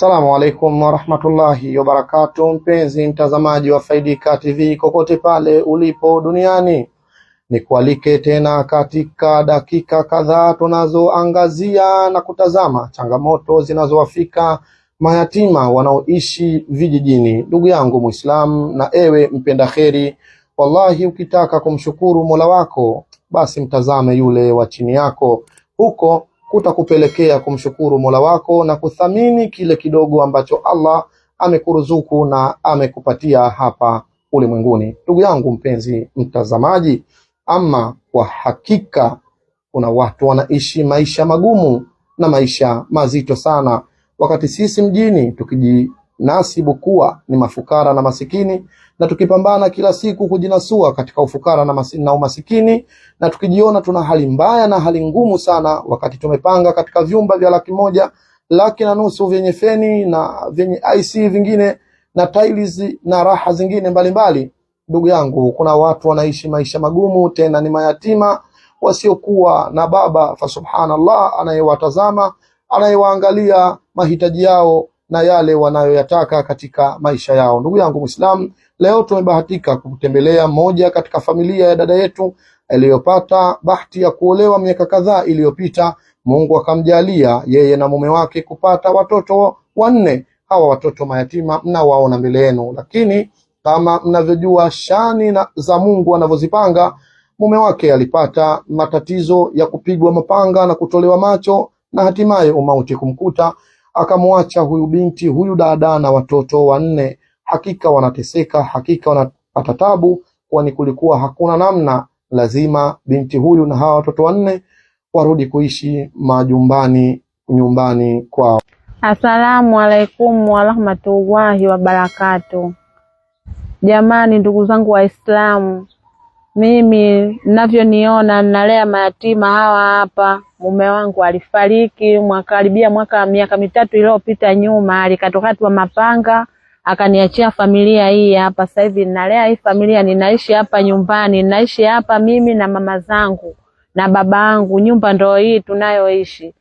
Salamu alaikum warahmatullahi wabarakatu, mpenzi mtazamaji wa Faidika TV kokote pale ulipo duniani, nikualike tena katika dakika kadhaa tunazoangazia na kutazama changamoto zinazowafika mayatima wanaoishi vijijini. Ndugu yangu Muislamu na ewe mpenda kheri, wallahi, ukitaka kumshukuru Mola wako basi mtazame yule wa chini yako huko kutakupelekea kumshukuru Mola wako na kuthamini kile kidogo ambacho Allah amekuruzuku na amekupatia hapa ulimwenguni. Ndugu yangu mpenzi mtazamaji, ama kwa hakika kuna watu wanaishi maisha magumu na maisha mazito sana, wakati sisi mjini tukiji nasibu kuwa ni mafukara na masikini, na tukipambana kila siku kujinasua katika ufukara na, na umasikini, na tukijiona tuna hali mbaya na hali ngumu sana, wakati tumepanga katika vyumba vya laki moja laki na nusu vyenye feni na vyenye IC vingine na tiles na raha zingine mbalimbali. Ndugu yangu, kuna watu wanaishi maisha magumu, tena ni mayatima wasiokuwa na baba. Fa subhanallah, anayewatazama anayewaangalia mahitaji yao na yale wanayoyataka katika maisha yao. Ndugu yangu Mwislamu, leo tumebahatika kutembelea moja katika familia ya dada yetu aliyopata bahati ya kuolewa miaka kadhaa iliyopita. Mungu akamjalia yeye na mume wake kupata watoto wanne. Hawa watoto mayatima mnawaona mbele yenu, lakini kama mnavyojua shani na za Mungu anavyozipanga, mume wake alipata matatizo ya kupigwa mapanga na kutolewa macho na hatimaye umauti kumkuta akamwacha huyu binti huyu dada na watoto wanne. Hakika wanateseka, hakika wanapata tabu, kwani kulikuwa hakuna namna, lazima binti huyu na hawa watoto wanne warudi kuishi majumbani, nyumbani kwao. Asalamu alaikum warahmatullahi wabarakatu. Jamani, ndugu zangu Waislamu, mimi ninavyoniona mnalea mayatima hawa hapa. Mume wangu alifariki mwaka mwaka miaka mitatu iliyopita nyuma, alikatwakatwa mapanga akaniachia familia hii hapa. Sasa hivi ninalea hii familia, ninaishi hapa nyumbani, ninaishi hapa mimi na mama zangu na baba yangu. Nyumba ndio hii tunayoishi.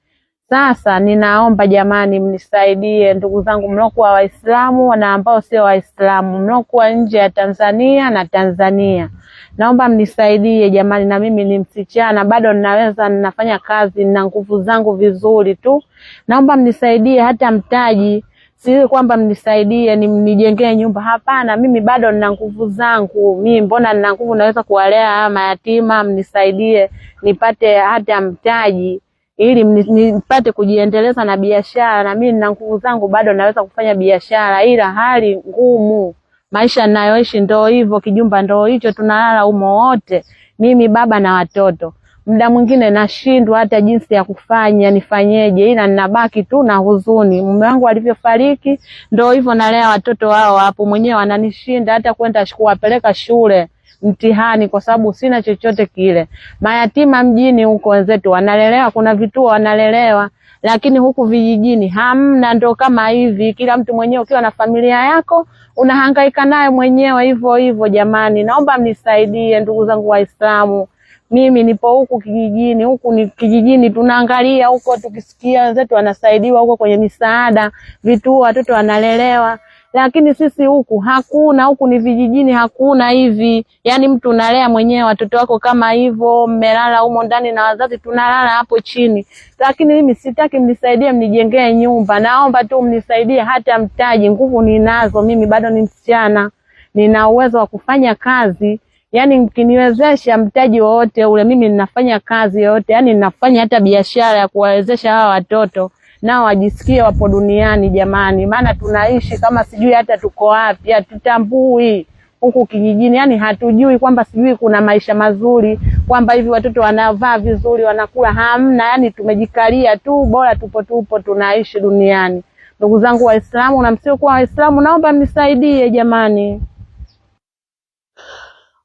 Sasa ninaomba jamani, mnisaidie ndugu zangu mlokuwa Waislamu na ambao sio Waislamu, mlokuwa nje ya Tanzania na Tanzania, naomba mnisaidie jamani. Na mimi ni msichana bado, ninaweza ninafanya kazi na nguvu zangu vizuri tu, naomba mnisaidie hata mtaji Si kwamba mnisaidie nijengee nyumba, hapana. Mimi bado nina nguvu zangu, mimi mbona nina nguvu, naweza kuwalea mayatima. Mnisaidie nipate hata mtaji ili nipate kujiendeleza na biashara, na mimi nina nguvu zangu bado naweza kufanya biashara, ila hali ngumu, maisha ninayoishi ndio hivyo, kijumba ndio hicho, tunalala umo wote, mimi baba na watoto. Muda mwingine nashindwa hata jinsi ya kufanya, nifanyeje, ila ninabaki tu na huzuni. Mume wangu alivyofariki ndio hivyo, nalea watoto wao hapo mwenyewe, wananishinda hata kwenda kuwapeleka shule mtihani kwa sababu sina chochote kile. Mayatima mjini huko wenzetu wanalelewa, kuna vituo wanalelewa, lakini huku vijijini hamna. Ndo kama hivi, kila mtu mwenyewe, ukiwa na familia yako unahangaika nayo mwenyewe hivyo hivyo. Jamani, naomba mnisaidie ndugu zangu Waislamu. Mimi nipo huku kijijini, huku ni kijijini, tunaangalia huko, tukisikia wenzetu wanasaidiwa huko kwenye misaada, vituo, watoto wanalelewa lakini sisi huku hakuna, huku ni vijijini, hakuna hivi. Yani mtu unalea mwenyewe watoto wako kama hivyo, mmelala humo ndani na wazazi, tunalala hapo chini. Lakini mimi sitaki mnisaidie mnijengee nyumba, naomba tu mnisaidie hata mtaji. Nguvu ninazo mimi, bado ni msichana, nina uwezo wa kufanya kazi Yaani mkiniwezesha mtaji wowote ule, mimi ninafanya kazi yoyote, yaani ninafanya hata biashara ya kuwawezesha hawa watoto nao wajisikie wapo duniani jamani, maana tunaishi kama sijui hata tuko wapi, hatutambui huku kijijini, yani hatujui kwamba sijui kuna maisha mazuri, kwamba hivi watoto wanavaa vizuri, wanakula, hamna. Yani tumejikalia tu, bora tupo tupo tunaishi duniani. Ndugu zangu Waislamu na msiokuwa Waislamu, naomba mnisaidie jamani.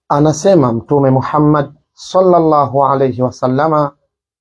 Anasema Mtume Muhammad sallallahu alayhi wasallama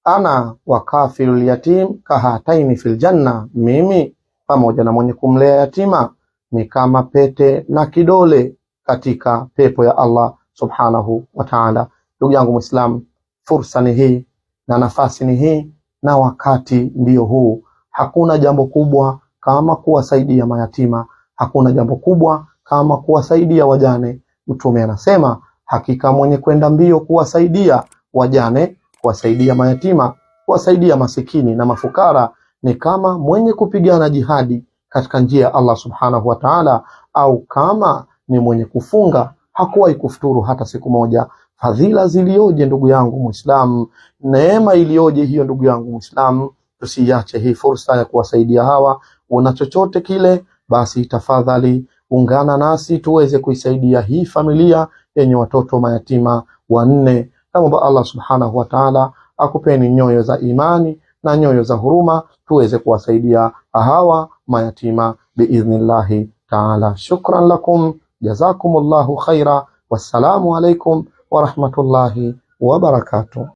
ana wa yatim kahataini fil janna, mimi pamoja na mwenye kumlea yatima ni kama pete na kidole katika pepo ya Allah subhanahu wa ta'ala. Ndugu yangu Muislam, fursa ni hii na nafasi ni hii na wakati ndiyo huu. Hakuna jambo kubwa kama kuwasaidia mayatima, hakuna jambo kubwa kama kuwasaidia wajane. Mtume anasema, hakika mwenye kwenda mbio kuwasaidia wajane Kuwasaidia mayatima, kuwasaidia masikini na mafukara ni kama mwenye kupigana jihadi katika njia ya Allah subhanahu wa ta'ala, au kama ni mwenye kufunga hakuwahi kufuturu hata siku moja. Fadhila zilioje, ndugu yangu Muislamu, neema iliyoje hiyo, ndugu yangu Muislamu. Tusiache hii fursa ya kuwasaidia hawa. Una chochote kile, basi tafadhali ungana nasi tuweze kuisaidia hii familia yenye watoto mayatima wanne Namwomba Allah subhanahu wa taala akupeni nyoyo za imani na nyoyo za huruma, tuweze kuwasaidia hawa mayatima biidhnillahi taala. Shukran lakum, jazakumullahu khaira. Wassalamu alaikum warahmatullahi wabarakatuh.